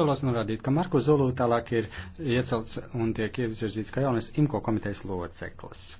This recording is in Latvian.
Vēlos norādīt, ka Marko Zulu tālāk ir iecelts un tiek ievirzīts kā jaunais IMKO komitejas loceklis.